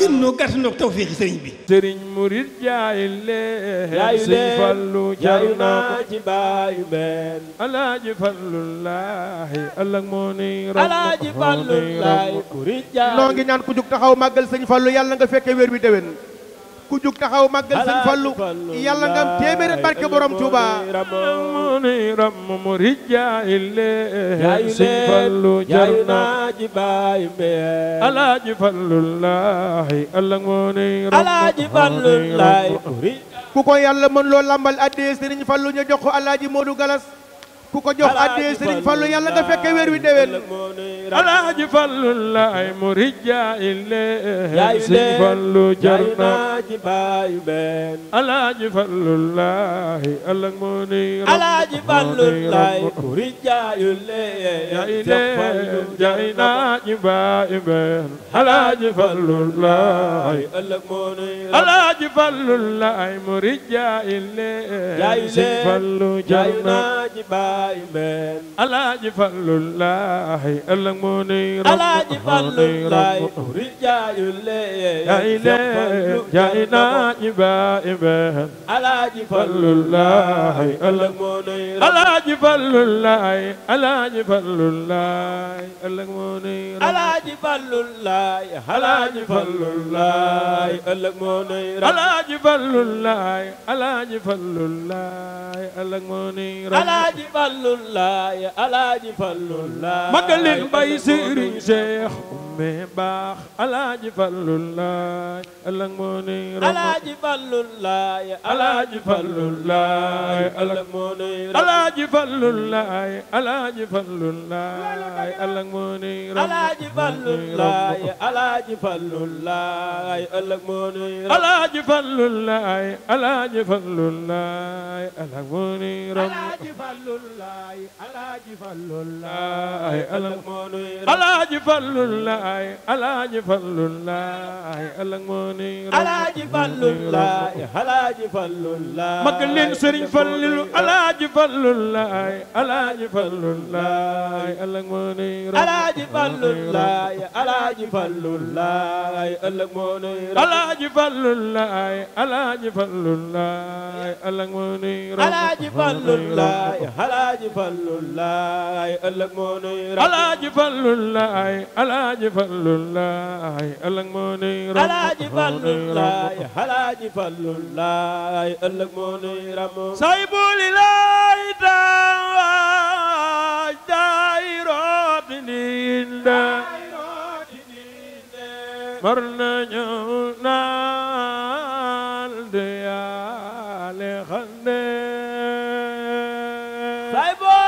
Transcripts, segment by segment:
gën noo gàtt noo tawféexi sëriñ bi sëriñ murit jaay leen sëñ fallu jaay naa ci baayu meen alaaji fallullaahi allah moo nuy ramm alaaji fallullaahi murit jaay noo ngi ñaan ku jug taxaw màggal sëñ fallu yàlla nga fekke wér wi déwén ku jug taxaw màggal sëñ Fallu yàlla nga am téeméeri barke borom Touba muni ram muri jaayile sëñ Fallu jar na ji baay mbee alaaji Fallu ñu jox ko alaaji Galas ku ko jox addee Serigne Fallou yàlla nga alaaji Fallou laay murid yaa illee Serigne Fallou jar na alaaji Fallou laay allah moo ni alaaji Fallou laay alaaji fallullahi allah moo nuy rabb alaaji alaaji fallullahi allah moo nuy rabb alaaji fallu laay alaaji fallu laay magalin bay sëriñ Cheikh me baax alaaji fallullaay alag moo nuy rab alaaji fallullaay alaaji fallullaay alag moo nuy rab alaaji fallullaay alaaji fallullaay alag moo nuy rab alaaji fallullaay alaaji fallullaay alag moo nuy rab alaaji fallullaay alaaji fallullaay alag moo nuy rab alaaji fallullaay alaaji fallullaay alag moo nuy rab alaaji fallullaay laay alaaji fallu laay alag moo ni alaaji fallu laay alaaji fallu laay mag leen sëriñ fallilu alaaji fallu laay alaaji fallu laay alag moo ni alaaji fallu laay alaaji fallu laay alag moo ni alaaji fallu laay alaaji fallu laay alag moo ni alaaji fallu laay alaaji fallu laay alag moo ni alaaji fallu laay alaaji fallullaay ëllëg moo nuy ram alaaji fallullaay alaaji fallullaay ëllëg moo nuy ram say buli laay taawaaj daayirooti diinde mar nañu naal de yaale xande say boo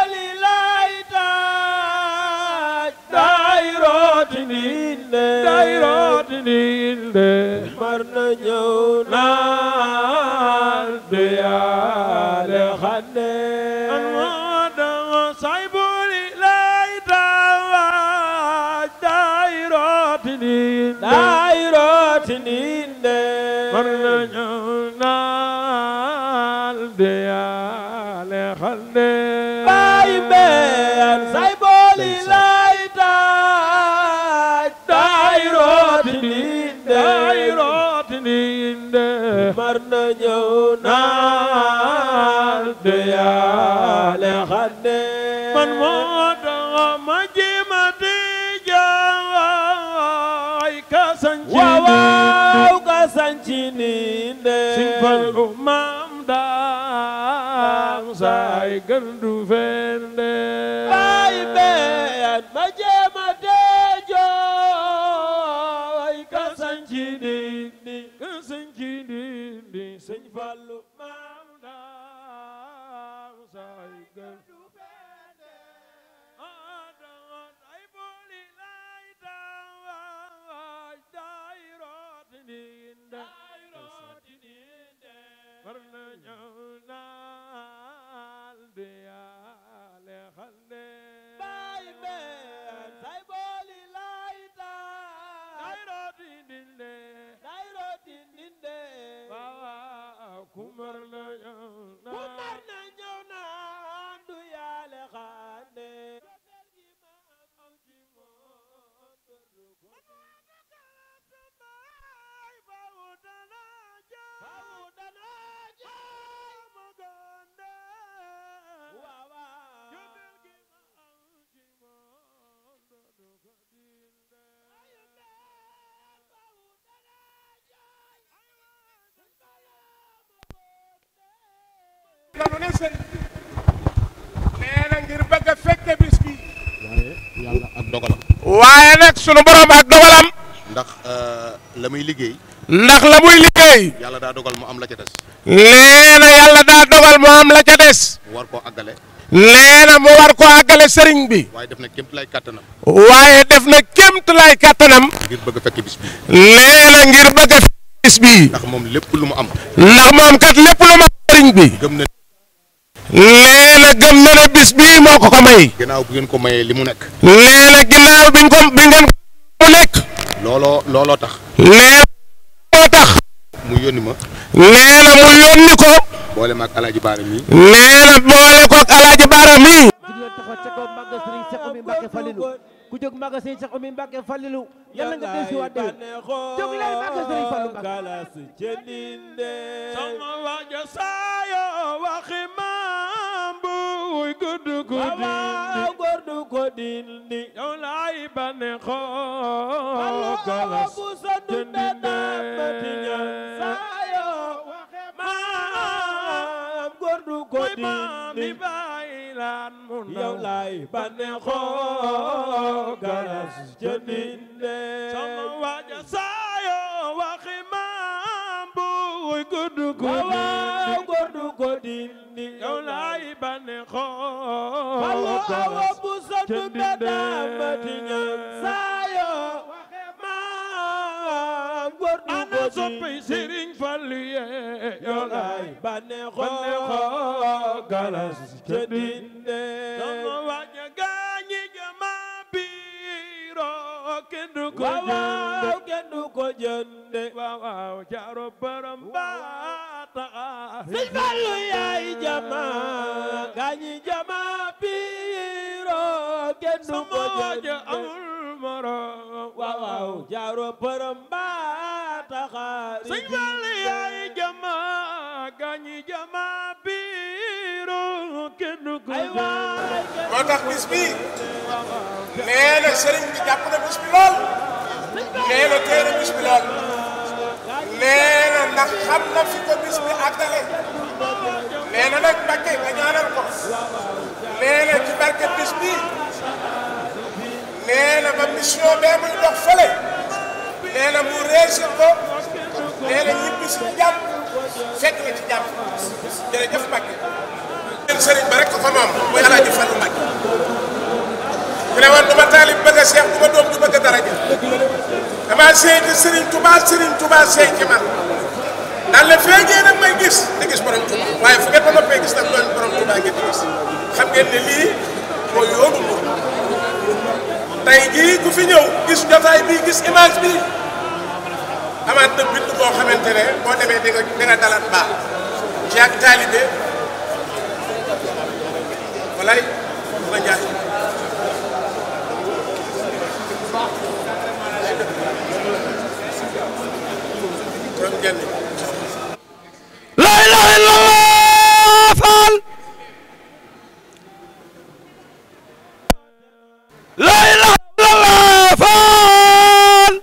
dayroot niinde mar na ñëw naa du yaale xane ñëw naa du man moo tax ma ji ma di jaay ka ka sanci nii de si daam saay gën du fende baay been ma ji ma di jaay ka sanci sëñ Fallou kumar lu ne ngir bëgg a fekke bi waaye yàlla ak dogalam waaye nag sunu borom ak dogalam ndax euh, la muy liggéey ndax la muy liggéey yàlla daa dogal mu am la ca des nee na yàlla daa dogal mu am la ca des war koo war koo àggale sëriñ bi waaye def na kémt lay kàttanam ngir bëgg a fekke ndax moom lépp lu mu am ndax moom kat lépp lu mu am sëriñ bi nee na ne bis bii moo ko ko may. ginnaaw bi ngeen ko mayee li mu nekk. nee ko bi ngeen ko mu nekk. looloo looloo tax. nee moo tax. mu yónni ma. nee ko. boole ma ak El boole ko ak El Hadj Baara ku jóg maga sëñ Cheikh Oumy Mbacké Fallilu yàlla nga dellusi waat dee jóg leen maga sëñ Fallu Mbacké galas maam buy gudd ko dindi gudd ko dindi yow maam gudd ko dindi yow laay baneexo kalas jëninde sama waaja saayo waxi maam bu guddu ko waaw guddu ko dindi yow laay bane xoo walla awa bu sant bedama ti ñaan saayo waxi maam guddu ko ana soppi sëriñ Fallu ye yow laay bane xoo kalas jëninde ko jënde kenn du ko jënde waaw waaw jaaro borom baata sëñ Fallu yaay jama gaañi jama biiro kenn du ko jënde amul morom waaw waaw jaaro borom baata sëñ Fallu yaay jama gaañi jama biiro kenn du ko jënde moo tax bis bi nee na sëriñ bi jàpp na bis bi lool nee na teel a bis bi lool nee na ndax xam na fi ko bis bi àggale nee na nag Mbàkke nga ñaanal ko nee na ba mission bee muy dox fële mu réussir ko nee na ñibbi fekk na ci jàmm jërëjëf Mbàkke sëriñ ba rek ko fa moom muy Alaaji Fallu Mbàkke mu ne woon ma taalib bëgg a seex du ma doom du bëgg a daraja dama seeti Serigne Touba Serigne Touba seet ci man daal la feeñee may gis te gis borom Touba waaye fu ngeen ma noppee gis nag doon borom Touba ngeen di gis xam ngeen ne lii mooy yoonu mu tey jii ku fi ñëw gis jotaay bi gis image bi amaat na bind boo xamante ne boo demee di nga di nga dalaat baax ci ak la ilaha illallah faal la ilaha illallah faal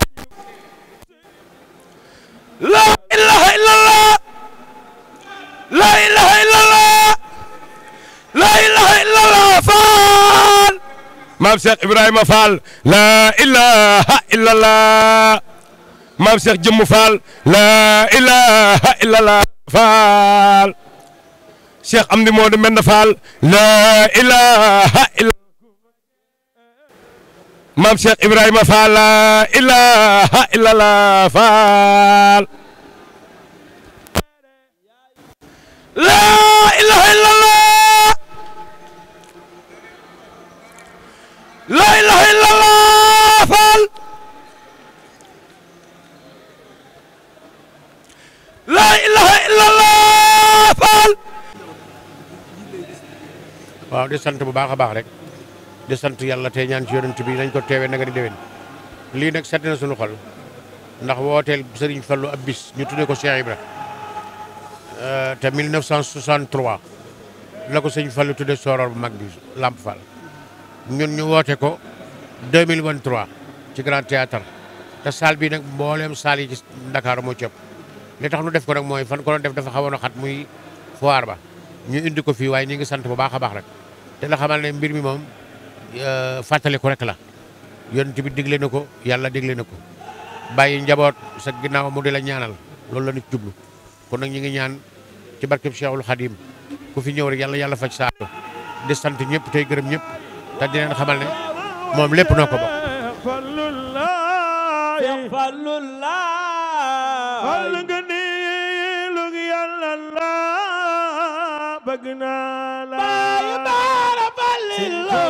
la ilaha illallah la ilaha illallah la ilaha illallah faal maam Cheikh Ibrahima Fall la ilaha illallah maam Cheikh jëmm Fall laa ilaha illallah Fall Cheikh Amdi Modou Mbenda Fall laa ilaha illallah maam Cheikh Ibrahima Fall laa ilaha illallah Fall laa ilaha illallah laa ilaha illallah laa ilaha faal waaw di sant bu baax a baax rek di sant yàlla te ñaan ci yonent bi nañ ko teewee nanga di déwén lii nag sedd na xol ndax wooteel Serigne Fallou ab bis ñu tuddee ko Cheikh Ibra euh, te 1963 la ko Serigne Fallou tuddee sooroor bu mag bi Lamp Fall ñun ñu woote ko 2023 ci Grand Théâtre te salle bi nag mbooleem salle yi ci Dakar moo cëpp li tax nu def ko nag mooy fan ko def dafa xawoon a xat muy foire ba ñu indi ko fii waaye ñu ngi sant bu baax a baax rek te la xamal ne mbir mi moom euh, fàttali ko rek la yonent bi digle na ko yàlla digle na ko bàyyi njaboot sa ginnaaw mu di la ñaanal loolu la nit jublu kon nag ñu ngi ñaan ci barkeb Cheikhul Khadim ku fi ñëw rek yàlla yàlla faj saa di sant ñëpp tey gërëm ñëpp te di leen xamal ne moom lépp noo ko bokk. bëgg naa la baay baara fallillo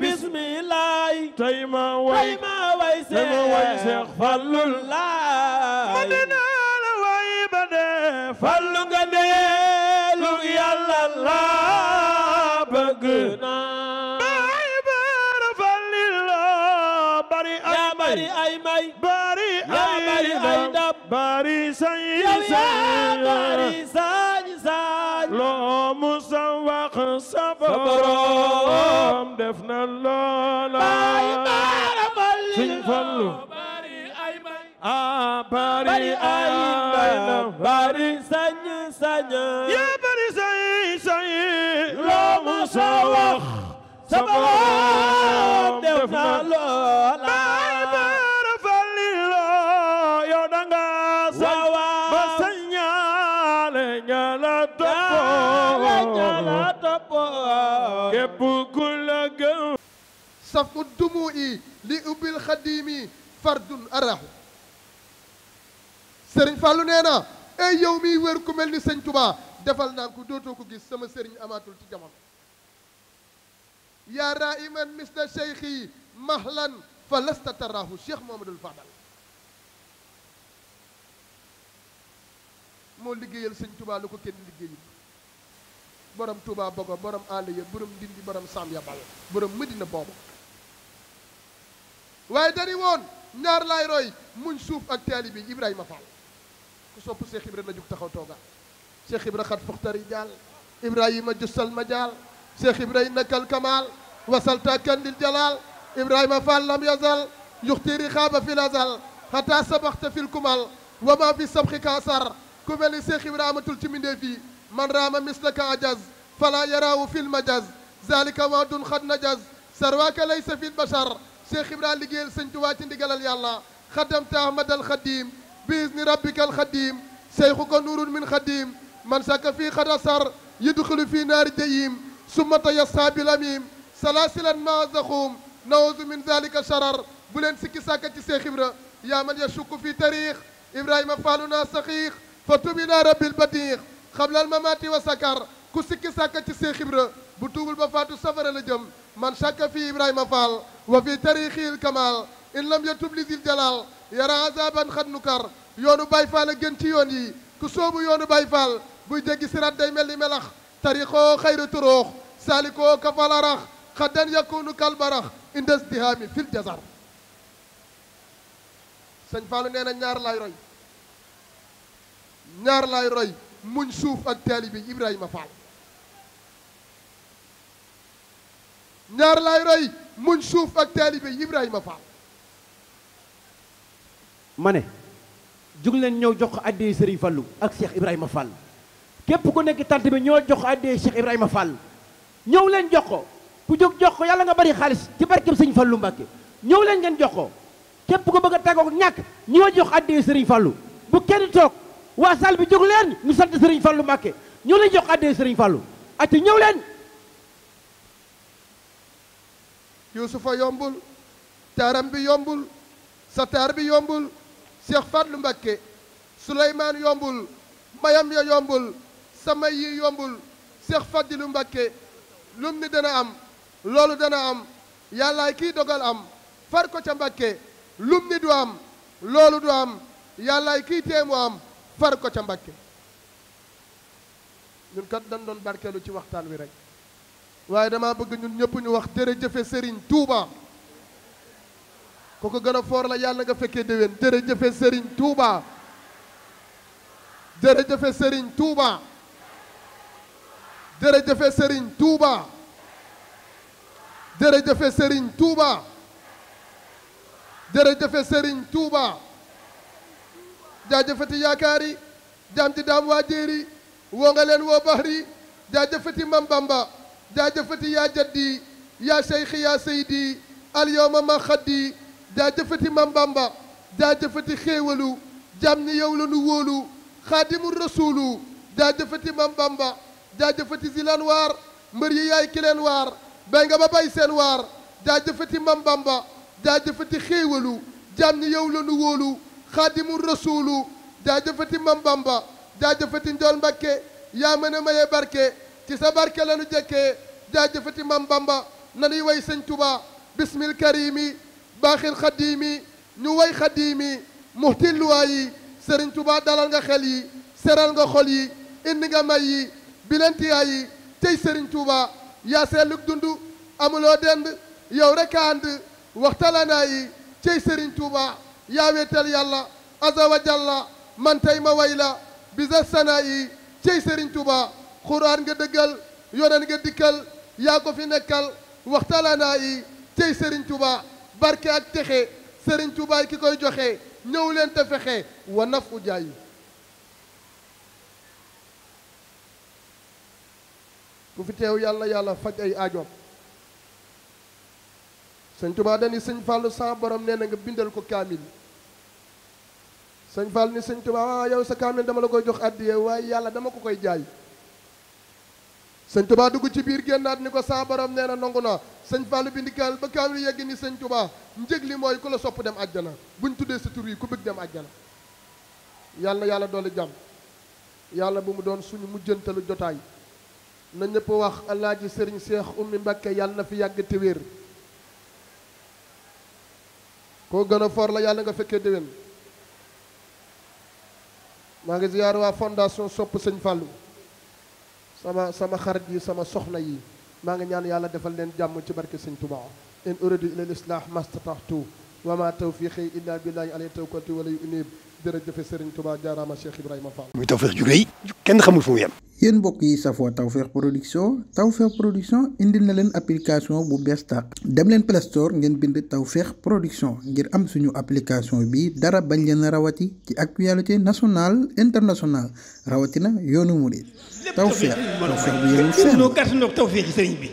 bismillaay tey ma way ma way seex fallul laay ma dinaa la way ba dee fallu nga dee lu yàlla la bëgg naa baay baara fallillo bari ay may bari ay may bari ay ndam bari say say mu sam wax sa borom def na loola Sëñ Fallu ah bari ay may bari sañ sañ ya bari sañ sañ loo mu sa wax sa borom def na loola safu dumu'i li ubbil xadiimi fardun arahu sëriñ Fallou nee ey yow miy wër ku mel ni sëñ Touba defal naa ko dootoo ko gis sama sëriñ amaatul ci jamono yaa raiman misla cheikhi mahlan fa lasta tarahu cheikh Mohamadul Fadal moo liggéeyal sëñ Touba lu ko kenn liggéeyul borom Touba bogo borom àll ya borom dindi borom Sam ya bal borom Medina boobu waaye dani woon ñaar laay roy muñ suuf ak taalibi Ibrahima Fall ku sopp Cheikh Ibra na jug taxaw tooga Cheikh Ibra xat fuxtari jaal Ibrahima jussal ma jaal Cheikh Ibra innakal kamaal wasalta kandil jalaal Ibrahima Fall lam yazal wa ma fi sabxi kaasar ku mel ni Cheikh Ibra amatul ci mindee fii man raama mislaka ajaz fala yaraawu fil majaz zalika waadun xad najaz sarwaaka laysa fil bashar Cheikh Ibra liggéeyal sëñ Tuubaa ci ndigalal yàlla xadamta ahmadal xadim biisni rabbikal xadim seyxu ko nuurun min xadim man saka fii xadasar yudxulu fii naari jahim summa tayassa bil amim salaasilan ma zaxum nawzu min zalika sharar bu leen sikki sàkka ci Cheikh Ibra yaa man yashukku fi tarix ibrahima faaluna saxiix fa tubina rabbil batix xablal mamaati wa sakar ku sikki sàkka ci Cheikh Ibra bu tuubul ba faatu safara la jëm man sàkka fii ibrahima faal wa fi tariixi il kamaal in lam yatub li dil jalaal yara azaban xad yoonu Baay Faal gën ci yoon yi ku soobu yoonu Baay Faal buy jéggi sirat day mel ni melax tarixoo xayru turoox saalikoo kafalarax xaddan yakunu kalbarax indes dihaami fil jazar sëñ Fallou nee na ñaar laay roy ñaar laay roy muñ suuf ak taalibi Ibrahima Fall ñaar laay roy muñ suuf ak taalibe Ibrahima Fall. ne jug leen ñëw jox ko addee Serigne fallu ak Cheikh Ibrahima Fall képp ku nekk tant bi ñoo jox ko addee Cheikh Ibrahima Fall ñëw leen jox ko ku jóg jox ko yàlla nga bari xaalis ci barkeb Sëñ Fallou Mbàkke ñëw leen ngeen jox ko képp ku bëgg a tàggoog ñàkk ñoo jox addee Serigne fallu bu kenn toog waa sal bi jóg leen ñu sant Serigne Fallou Mbàkke ñoo leen jox addee Serigne Fallou ati ñëw leen. yuusufa yombul taaram bi yombul sataar bi yombul Cheikh Fadlu Mbakke Souleymane yombul mayam ya yombul sama yi yombul Cheikh Fadilu Mbakke lum ni dana am loolu dana am yàllaay kii dogal am far ko ca Mbakke lu ni du am loolu du am yàllaay kii teemu am far ko ca Mbakke ñun kat dañ doon barkeelu ci waxtaan wi rek waaye dama bëgg ñun ñëpp ñu wax jërëjëfe Serigne Touba ku ko ko gën a foor la yàlla nga fekkee déwén jërëjëfe Serigne Touba jërëjëfe Serigne Touba jërëjëfe Serigne Touba jërëjëfe Serigne Touba jërëjëfe Serigne Touba jaajëfati yaakaar yi jaam ji daam waa jéeri woo nga leen woo baxri jaajëfati Mam Bamba jaajëfati yaa jaddi yaa seyxi yaa seydi alyawma ma xaddi jaajëfati mam bamba jaajëfati xéewalu jàam ñi yow la nu wóolu xaadimu rasulu mbër yi yaay ki bay nga ba bay seen waar jaajëfati mam bamba jaajëfati xéewalu jàam ñi yow la nu wóolu xaadimu njool mbakke yaa mën a maye barke ci sa barke la nu jëkkee jaajëfati mam bamba nanuy way sëñ tuba bismil karimi baaxil xadimi ñu way xadimi muhtilluwaa yi sëriñ tuba dalal nga xel yi seral nga xol yi indi nga may yi bilantiyaa yi tey sëriñ tuba yaa seelug dund amuloo dend yow rek a ànd waxtalanaa yi cey sëriñ tuuba yaa weetal yàlla azza wa jalla man tey ma way la bisa sana yi cey sëriñ tuuba xuraan nga dëggal yonen nga dikkal yaa ko fi nekkal waxtalanaa yi tey sëriñ Tuubaa barke ak texe sëriñ Tuubaa ki koy joxe ñëw leen te fexe wa naf u jaay ku fi teew yàlla yàlla faj ay aajoom sëñ Tuubaa dani sëñ Fàllu sa borom nee na nga bindal ko kaamil sëñ Fall ni sëñ Tuubaa ah, waaw yow sa kaamil dama la koy jox àddiya waaye yàlla dama ko koy jaay sëñ Touba dugg ci biir génnaat ni ko saa nee na nangu na sañ Fallou bi kaamil ba kaamil yegg ni sañ tubaa njëg li mooy ku la sopp dem àjjana buñ tuddee sa tur yi ku bëgg dem àjjana yàlla na yàlla doole jàmm yàlla bu mu doon suñu mujjantalu jotaay na ñëpp wax alaaji sëriñ seex ummi mbakke yàlla na fi yàgg te wér koo gën a for la yàlla nga fekkee déwén maa ngi ziyaar waa fondation sopp sëñ Fallou sama sama xarit yi sama soxna yi maa ngi ñaan yàlla defal leen jàmm ci barke sëñ Tuubaa in uridu ila lislah mastatahtu wa ma tawfiqi illa billahi alayhi tawakkaltu wa ilayhi unib jërëjëf Serigne Touba jaaraama Cheikh Ibrahima Fall. muy Tawfekh jugee yi kenn xamul fu yem. yéen mbokk yi safoo Tawfekh production Tawfekh production indil na leen application bu bees tàq dem leen Play Store ngeen bind Tawfekh production ngir am suñu application bi dara bañ leen rawati ci actualité nationale internationale rawatina yoonu murid tawfeex tawfeex bu yemul fenn. gën noo gàtt noo tawfeex sëriñ bi.